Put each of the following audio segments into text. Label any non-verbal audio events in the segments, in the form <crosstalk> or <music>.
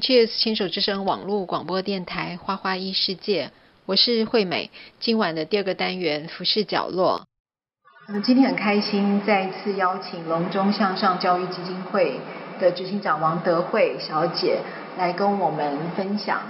Cheers！牽手之聲網絡廣播電台《花花異世界》，我是惠美。今晚的第二個單元《浮世角落》。我們今天很開心，再次邀請隆中向上教育基金會的執行長王德蕙小姐來跟我們分享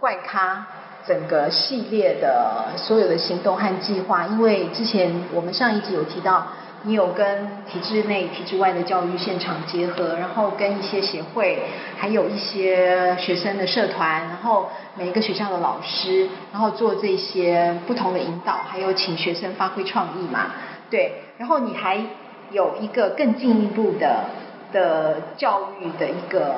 怪咖整個系列的所有的行動和計劃。因為之前我們上一集有提到。你有跟體制內、體制外的教育現場結合，然後跟一些協會，還有一些學生的社團，然後每一個學校的老師，然後做這些不同的引導，還有請學生發揮創意嘛？對，然後你還有一個更進一步的的教育的一個。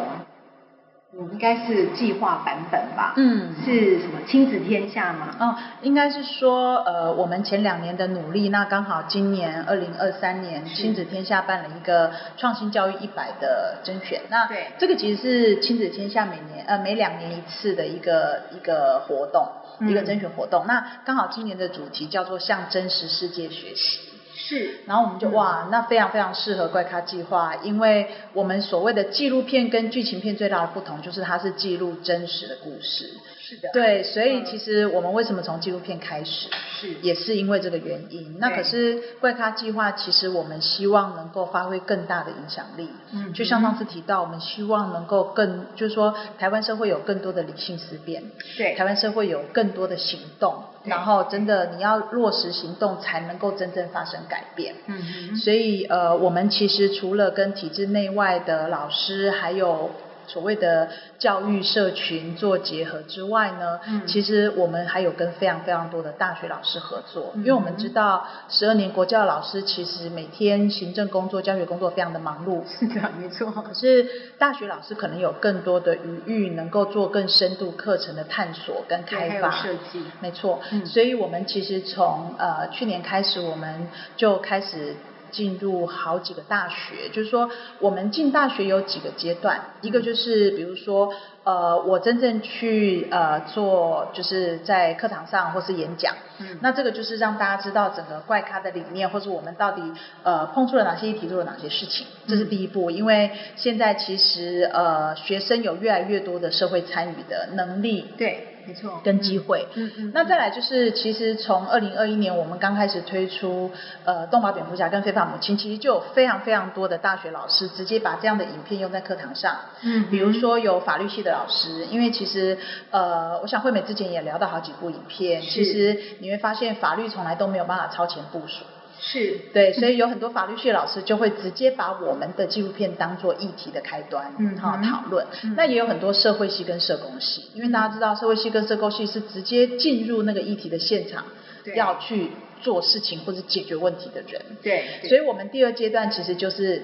我們應該是計劃版本吧，嗯，是什麼親子天下嗎？哦、嗯，應該是說，呃，我們前兩年的努力，那剛好今年二零二三年是親子天下辦了一個創新教育一百的徵選，那對這個其實是親子天下每年呃每兩年一次的一個一個活動，一個徵選活動，嗯、那剛好今年的主題叫做向真實世界學習。是，然後我們就哇，那非常非常適合怪咖計劃，因為我們所謂的紀錄片跟劇情片最大的不同，就是它是記錄真實的故事。是的對，所以其實我們為什麼從紀錄片開始，是也是因為這個原因。對那可是怪咖計劃，其實我們希望能夠發揮更大的影響力。嗯哼，就像上次提到，我們希望能夠更，就是說台灣社會有更多的理性思辨，對，台灣社會有更多的行動。對然後真的你要落實行動，才能夠真正發生改變。嗯哼，所以呃，我們其實除了跟體制內外的老師，還有。所謂的教育社群做結合之外呢，嗯、其實我們還有跟非常非常多的大學老師合作，嗯、因為我們知道十二年國教老師其實每天行政工作、教學工作非常的忙碌，是的、啊，沒錯。可是大學老師可能有更多的餘裕能夠做更深度課程的探索跟開發設計，沒錯。嗯、所以我們其實從呃去年開始，我們就開始。進入好幾個大學，就是說我們進大學有幾個階段，一個就是比如說，呃，我真正去呃做，就是在課堂上或是演講，嗯，那這個就是讓大家知道整個怪咖的理念，或是我們到底呃碰觸了哪些議題，做了哪些事情，這是第一步。嗯。因為現在其實呃學生有越來越多的社會參與的能力，對。沒錯，嗯、跟機會。嗯嗯，嗯嗯，那再來就是，其實從二零二一年我們剛開始推出，呃，《動畫蝙蝠俠》跟《非法母親》，其實就有非常非常多的大學老師直接把這樣的影片用在課堂上。嗯哼，比如說有法律系的老師，因為其實，呃，我想惠美之前也聊到好幾部影片，是其實你會發現法律從來都沒有辦法超前部署。是對，所以有很多法律系老師就會直接把我們的紀錄片當做議題的開端，嗯哼，然後，討論。嗯、哼那也有很多社會系跟社工系，因為大家知道社會系跟社工系是直接進入那個議題的現場，要去做事情或者解決問題的人。對，所以我們第二階段其實就是。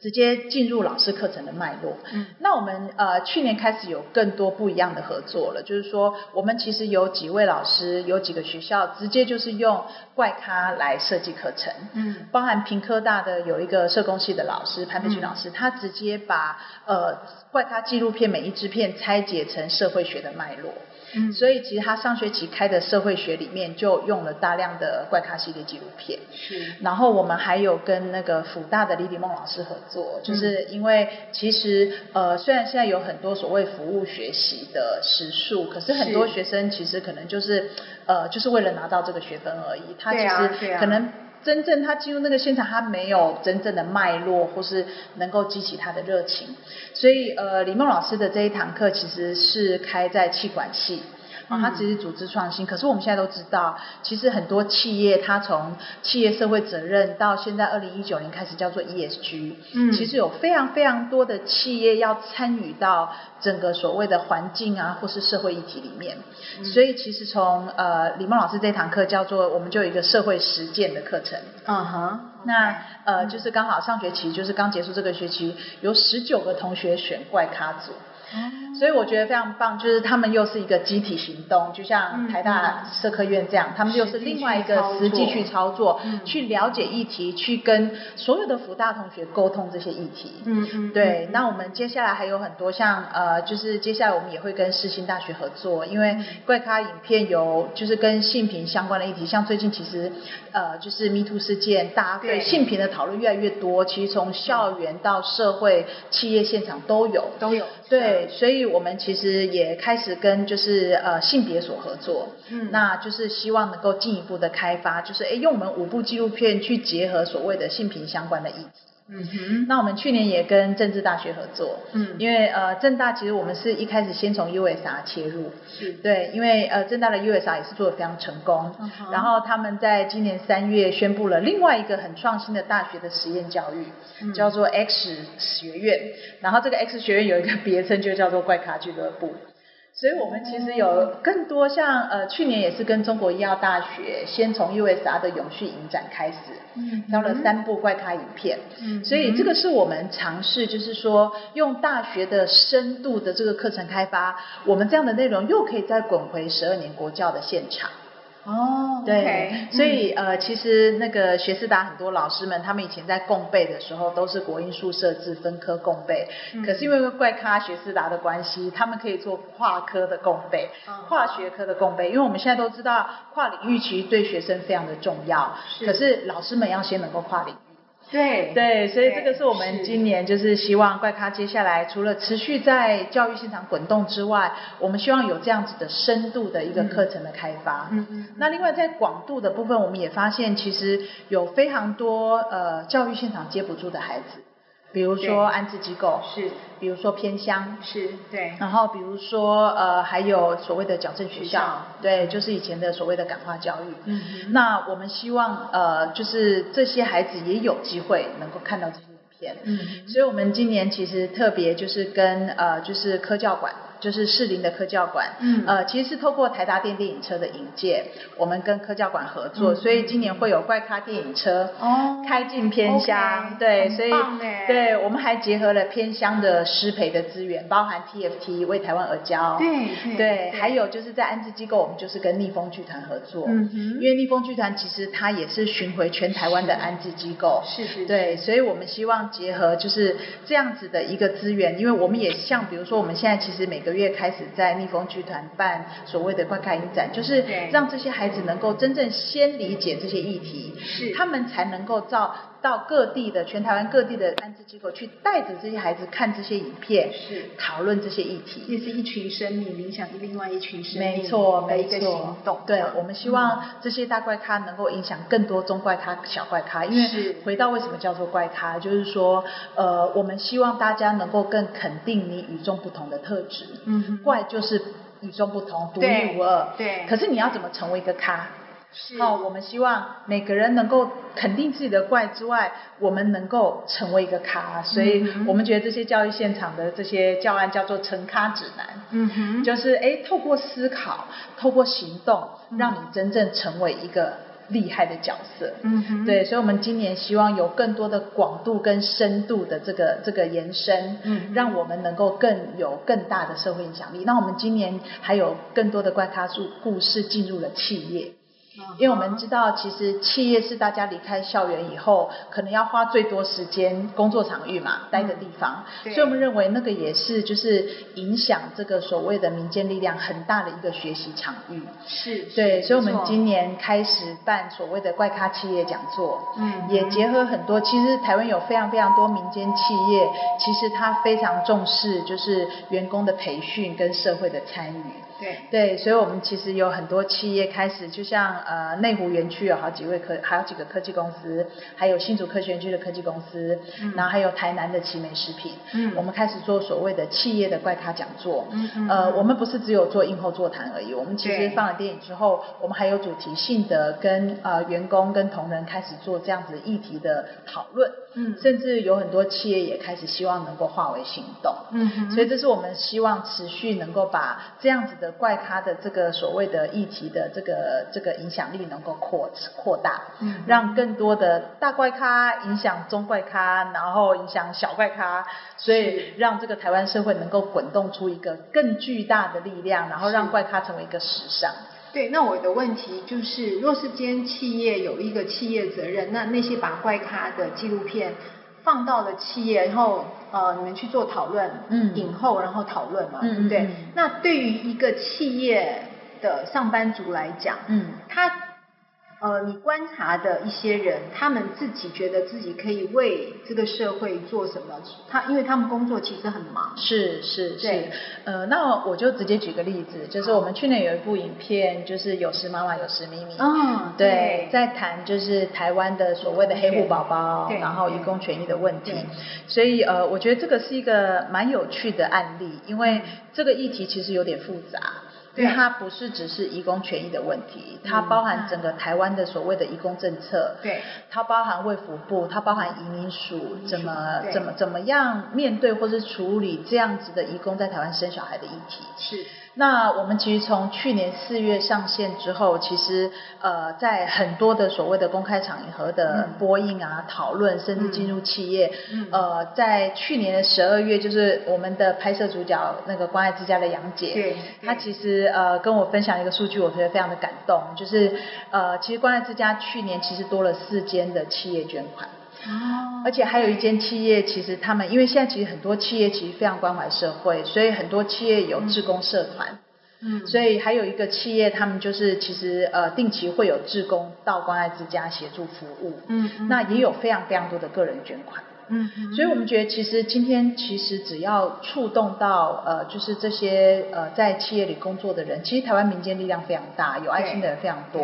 直接進入老師課程的脈絡。嗯，那我們呃去年開始有更多不一樣的合作了，嗯、就是說我們其實有幾位老師，有幾個學校直接就是用怪咖來設計課程。嗯，包含屏科大的有一個社工系的老師潘佩群老師，嗯、他直接把呃怪咖紀錄片每一支片拆解成社會學的脈絡。嗯，所以其實他上學期開的社會學裡面就用了大量的怪咖系列紀錄片，是。然後我們還有跟那個輔大的李李夢老師合作，就是因為其實呃，雖然現在有很多所謂服務學習的時數，可是很多學生其實可能就是呃，就是為了拿到這個學分而已，他其實可能。真正他進入那個現場，他沒有真正的脈絡，或是能夠激起他的熱情。所以，呃，李夢老師的這一堂課其實是開在氣管系。啊、哦，他其實組織創新，嗯、可是我們現在都知道，其實很多企業，他從企業社會責任到現在二零一九年開始叫做 ESG，嗯，其實有非常非常多的企業要參與到整個所謂的環境啊或是社會議題裡面，嗯、所以其實從呃李孟老師這堂課叫做我們就有一個社會實踐的課程，uh huh. 呃、嗯哼，那呃就是剛好上學期就是剛結束這個學期，有十九個同學選怪咖組。哦、所以我覺得非常棒，就是他們又是一個集體行動，就像台大社科院這樣，嗯、他們又是另外一個實際去操作，去了解議題，去跟所有的福大同學溝通這些議題。嗯嗯。對，嗯、那我們接下來還有很多，像呃，就是接下來我們也會跟世新大學合作，因為怪咖影片有就是跟性平相關的議題，像最近其實呃就是 MeToo 事件，大家對性平的討論越來越多，其實從校園到社會、企業現場都有，都有。對，所以我們其實也開始跟就是呃性別所合作，嗯，那就是希望能夠進一步的開發，就是哎用我們五部紀錄片去結合所謂的性平相關的議題。嗯哼，那我們去年也跟政治大學合作，嗯，因為呃政大其實我們是一開始先從 USR 切入，是，對，因為呃政大的 USR 也是做得非常成功，嗯哼，然後他們在今年三月宣布了另外一個很創新的大學的實驗教育，嗯，叫做 X 學院，然後這個 X 學院有一個別稱就叫做怪咖俱樂部。所以，我們其實有更多像呃，去年也是跟中國醫藥大學，先從 USR 的永續影展開始，嗯，挑了三部怪咖影片，嗯，所以這個是我們嘗試，就是說用大學的深度的這個課程開發，我們這樣的內容又可以再滾回十二年國教的現場。哦，oh, okay. 對，所以、嗯、呃，其實那個學思達很多老師們，他們以前在共備的時候都是國英數設置分科共備，嗯嗯，可是因為怪咖學思達的關係，他們可以做跨科的共備，跨學科的共備，因為我們現在都知道跨領域其實對學生非常的重要，是，可是老師們要先能夠跨領。對對，所以這個是我們今年就是希望怪咖接下來除了持續在教育現場滾動之外，我們希望有這樣子的深度的一個課程的開發。嗯嗯。嗯嗯嗯嗯。那另外在廣度的部分，我們也發現其實有非常多呃教育現場接不住的孩子。比如說安置機構是，比如說偏鄉是對，然後比如說呃還有所謂的矯正學校，學校，對，就是以前的所謂的感化教育。嗯哼。那我們希望呃就是這些孩子也有機會能夠看到這些影片。嗯哼，所以我們今年其實特別就是跟呃就是科教館。就是士林的科教館，呃，其實是透過台達電電影車的引介，我們跟科教館合作，所以今年會有怪咖電影車開進偏鄉，對，所以對，我們還結合了偏鄉的師培的資源，包含 TFT 為台灣而教，對對，還有就是在安置機構，我們就是跟逆風劇團合作，因為逆風劇團其實它也是巡迴全台灣的安置機構，是是。對，所以我們希望結合就是這樣子的一個資源，因為我們也像比如說我們現在其實每個月開始在逆風劇團辦所謂的怪咖影展，就是讓這些孩子能夠真正先理解這些議題，是他們才能夠造。到各地的全台灣各地的安置機構去，帶着這些孩子看這些影片，是討論這些議題。那是一群生命影響另外一群生命，沒錯錯，沒錯。對，嗯、我們希望這些大怪咖能夠影響更多中怪咖、小怪咖，因為是回到為什麼叫做怪咖，就是說，呃，我們希望大家能夠更肯定你與眾不同的特質。嗯哼，怪就是與眾不同、獨一無二。對。對，可是你要怎麼成為一個咖？哦是，我們希望每個人能夠肯定自己的怪之外，我們能夠成為一個咖，所以我們覺得這些教育現場的這些教案叫做成咖指南，嗯哼，就是哎、欸，透過思考，透過行動，讓你真正成為一個厲害的角色，嗯哼，對，所以我們今年希望有更多的廣度跟深度的這個這個延伸，嗯，讓我們能夠更有更大的社會影響力。那我們今年還有更多的怪咖術故事進入了企業。因為我們知道，其實企業是大家離開校園以後，可能要花最多時間工作場域嘛，待的地方。嗯，所以我們認為那個也是就是影響這個所謂的民間力量很大的一個學習場域。是，是對，所以我們今年開始辦所謂的怪咖企業講座，嗯，也結合很多。其實台灣有非常非常多民間企業，其實它非常重視就是員工的培訓跟社會的參與。對對，所以我們其實有很多企業開始，就像呃內湖園區有好幾位科，好幾個科技公司，還有新竹科學園區的科技公司，嗯、然後還有台南的奇美食品，嗯，我們開始做所謂的企業的怪咖講座，嗯哼嗯哼，呃，我們不是只有做映後座談而已，我們其實放了電影之後，對我們還有主題性的跟呃員工跟同仁開始做這樣子議題的討論，嗯，甚至有很多企業也開始希望能夠化為行動，嗯，嗯，所以這是我們希望持續能夠把這樣子的。怪咖的這個所謂的議題的這個這個影響力能夠擴擴大，嗯，讓更多的大怪咖影響中怪咖，然後影響小怪咖，所以讓這個台灣社會能夠滾動出一個更巨大的力量，然後讓怪咖成為一個時尚。對，那我的問題就是，若是今天企業有一個企業責任，那那些把怪咖的紀錄片。放到了企業，然後呃，你們去做討論，嗯，映後然後討論嘛，對不、嗯、對？嗯、那對於一個企業的上班族來講，嗯，他。呃，你觀察的一些人，他們自己覺得自己可以為這個社會做什麼？他因為他們工作其實很忙，是是對是。呃，那我就直接舉個例子，就是我們去年有一部影片，嗯、就是有時媽媽，有時咪咪，嗯，對，對在談就是台灣的所謂的黑戶寶寶，然後移工權益的問題。所以呃，我覺得這個是一個蠻有趣的案例，因為這個議題其實有點複雜。因為它不是只是移工權益的問題，它包含整個台灣的所謂的移工政策，對、嗯，它包含衛福部，它包含移民署，民署怎麼對怎麼怎麼樣面對或是處理這樣子的移工在台灣生小孩的議題，是。那我們其實從去年四月上線之後，其實呃，在很多的所謂的公開場合的播映啊、討論，甚至進入企業，嗯嗯、呃，在去年的十二月，就是我們的拍攝主角那個關愛之家的楊姐，她其實呃跟我分享一個數據，我覺得非常的感動，就是呃，其實關愛之家去年其實多了四間的企業捐款。哦，而且還有一間企業，其實他們因為現在其實很多企業其實非常關懷社會，所以很多企業有志工社團，嗯，嗯所以還有一個企業，他們就是其實呃定期會有志工到關愛之家協助服務，嗯，嗯那也有非常非常多的個人捐款。嗯， <noise> 所以我們覺得其實今天其實只要觸動到呃，就是這些呃在企業裡工作的人，其實台灣民間力量非常大，有愛心的人非常多，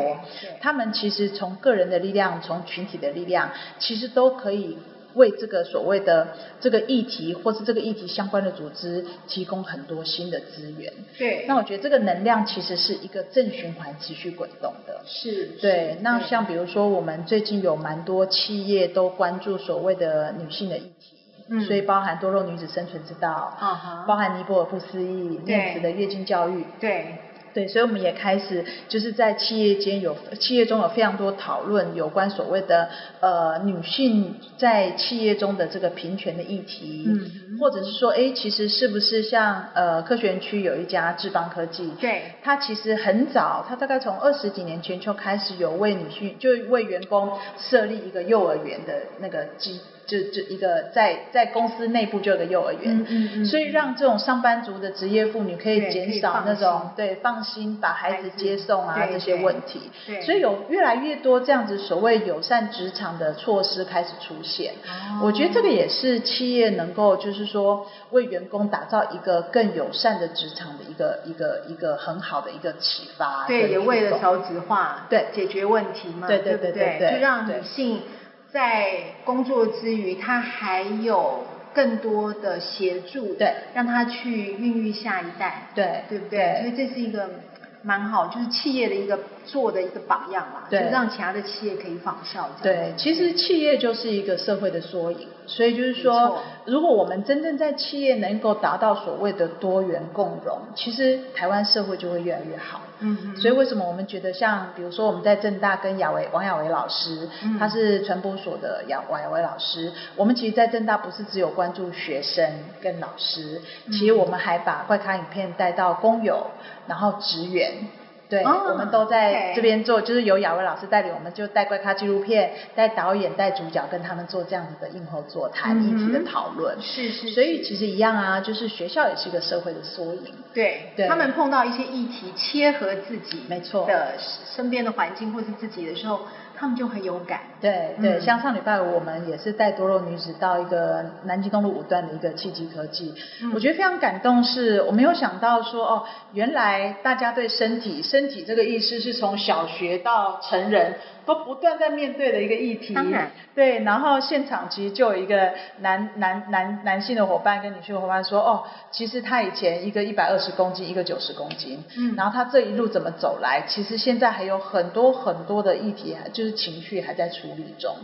他們其實從個人的力量，從群體的力量，其實都可以。為這個所謂的這個議題，或是這個議題相關的組織，提供很多新的資源。對。那我覺得這個能量其實是一個正循環，持續滾動的。是，對是。對。那像比如說，我們最近有蠻多企業都關注所謂的女性的議題，嗯、所以包含多肉女子生存之道，啊哈，包含尼泊爾不思議，對，女子的月經教育，對。對對，所以我們也開始，就是在企業間有企業中有非常多討論有關所謂的呃女性在企業中的這個平權的議題，嗯嗯或者是說，哎，其實是不是像呃科學園區有一家智邦科技，對，它其實很早，它大概從二十幾年前就開始有為女性，就為員工設立一個幼兒園的那個機。就就一個在在公司內部就有個幼兒園，嗯嗯嗯、所以讓這種上班族的職業婦女可以減少以那種對放心把孩子接送啊、嗯、這些問題，對對，所以有越來越多這樣子所謂友善職場的措施開始出現，哦、我覺得這個也是企業能夠就是說為員工打造一個更友善的職場的一個對一個一個，一個很好的一個啟發，對，也為了少子化，對，解決問題嘛，對對對對，就讓女性。對對在工作之餘，他還有更多的協助，對，讓他去孕育下一代，對，對不對？對，所以這是一個蠻好，就是企業的一個。做的一個榜樣嘛，對就讓其他的企業可以仿效。對，其實企業就是一個社會的縮影，所以就是說，錯如果我們真正在企業能夠達到所謂的多元共融，其實台灣社會就會越來越好。嗯嗯哼。所以為什麼我們覺得像，比如說我們在政大跟亞維王亞維老師，嗯、他是傳播所的亞王亞維老師。我們其實，在政大不是只有關注學生跟老師，其實我們還把怪咖影片帶到工友，然後職員。嗯對，oh, okay. 我們都在這邊做，就是由雅文老師帶領，我們就帶怪咖紀錄片，帶導演、帶主角，跟他們做這樣子的映後座談、議題的討論。Hmm. 是，是是。所以其實一樣啊，就是學校也是一個社會的縮影。對對。對他們碰到一些議題切合自己沒錯的身邊的環境或是自己的時候，他們就很有感。對對，像上禮拜五我們也是帶多肉女子到一個南京東路五段的一個契機科技，嗯、我覺得非常感動是，是我沒有想到說哦，原來大家對身體身體這個意識是從小學到成人都不斷在面對的一個議題。嗯、對，然後現場其實就有一個男男男男性的夥伴跟女性的夥伴說哦，其實他以前一個一百二十公斤，一個九十公斤，嗯，然後他這一路怎麼走來，其實現在還有很多很多的議題，就是情緒還在處理。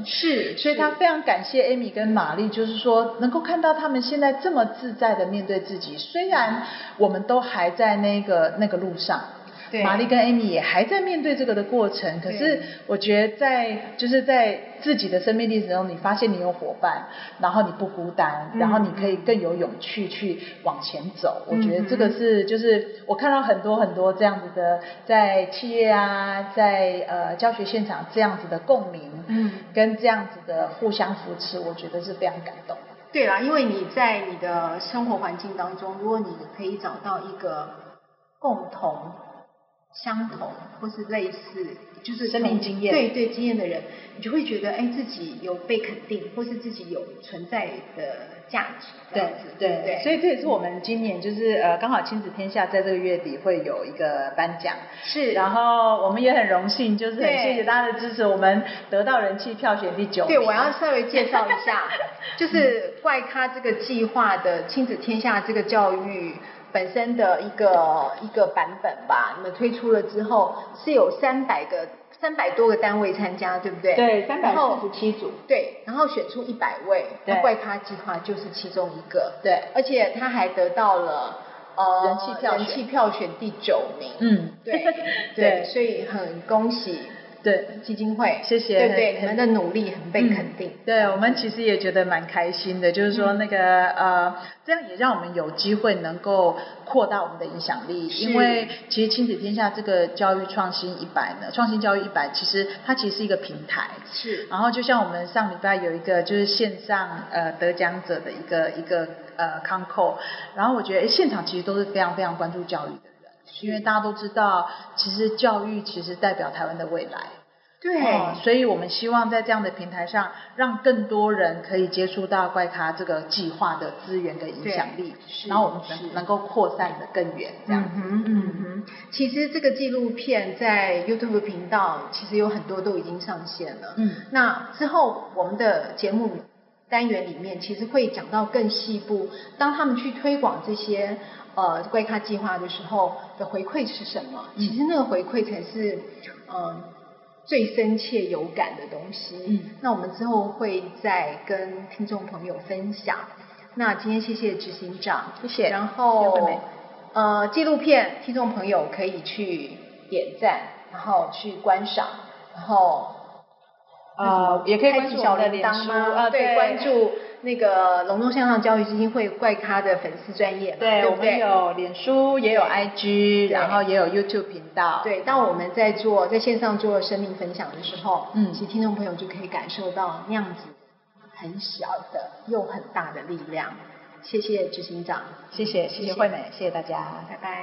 是，所以他非常感謝艾米跟瑪麗，就是說能夠看到他們現在這麼自在地面對自己，雖然我們都還在那個那個路上。對瑪麗跟 Amy 也還在面對這個的過程，對可是我覺得在就是在自己的生命歷程中，你發現你有夥伴，然後你不孤單，嗯、然後你可以更有勇氣去往前走。嗯、哼我覺得這個是就是我看到很多很多這樣子的，在企業啊，在呃教學現場這樣子的共鳴，嗯、跟這樣子的互相扶持，我覺得是非常感動。對啦，因為你在你的生活環境當中，如果你可以找到一個共同。相同或是類似，就是生命經驗對對經驗的人，你就會覺得哎，自己有被肯定，或是自己有存在的價值這樣子。對對。對對，所以這也是我們今年就是、嗯、呃，剛好親子天下在這個月底會有一個頒獎。是。然後我們也很榮幸，就是很謝謝大家的支持，對我們得到人氣票選第九名。對，我要稍微介紹一下， <laughs> 就是怪咖這個計劃的親子天下這個教育。本身的一個一個版本吧，你們推出了之後是有三百個三百多個單位參加，對不對？對，三百四十七組。對，然後選出一百位，對然後怪咖計劃就是其中一個。對，而且他還得到了、呃、人氣票人氣票選第九名。嗯，對對，所以很恭喜。對基金會，謝謝，對對，很你們的努力很被肯定。嗯、對我們其實也覺得蠻開心的，就是說那個、嗯、呃，這樣也讓我們有機會能夠擴大我們的影響力，是因為其實親子天下這個教育創新一百呢，創新教育一百其實它其實是一個平台。是。然後就像我們上禮拜有一個就是線上呃得獎者的一個一個呃康扣然後我覺得誒，現場其實都是非常非常關注教育的。因為大家都知道，其實教育其實代表台灣的未來。對，呃。所以我們希望在這樣的平台上，讓更多人可以接觸到怪咖這個計劃的資源跟影響力，然後我們能，是，能夠擴散得更遠。這樣。嗯嗯，其實這個紀錄片在 YouTube 頻道，其實有很多都已經上線了。嗯。那之後我們的節目。單元裡面其實會講到更細部，當他們去推廣這些呃怪咖計劃的時候的回饋是什麼？嗯、其實那個回饋才是嗯、呃、最深切有感的東西。嗯、那我們之後會再跟聽眾朋友分享。那今天謝謝執行長，謝謝，然後呃紀錄片聽眾朋友可以去點讚，然後去觀賞，然後。啊、嗯，也可以關注小鈴鐺啊，對，關注對對那個隆中向上教育基金會怪咖的粉絲專業，對，對對我們有臉書，對也有 IG，對然後也有 YouTube 頻道。對，當我們在做在線上做生命分享的時候，嗯，其實聽眾朋友就可以感受到那樣子很小的又很大的力量。謝謝執行長，謝謝、嗯、謝謝惠美，謝謝，謝謝大家，拜拜。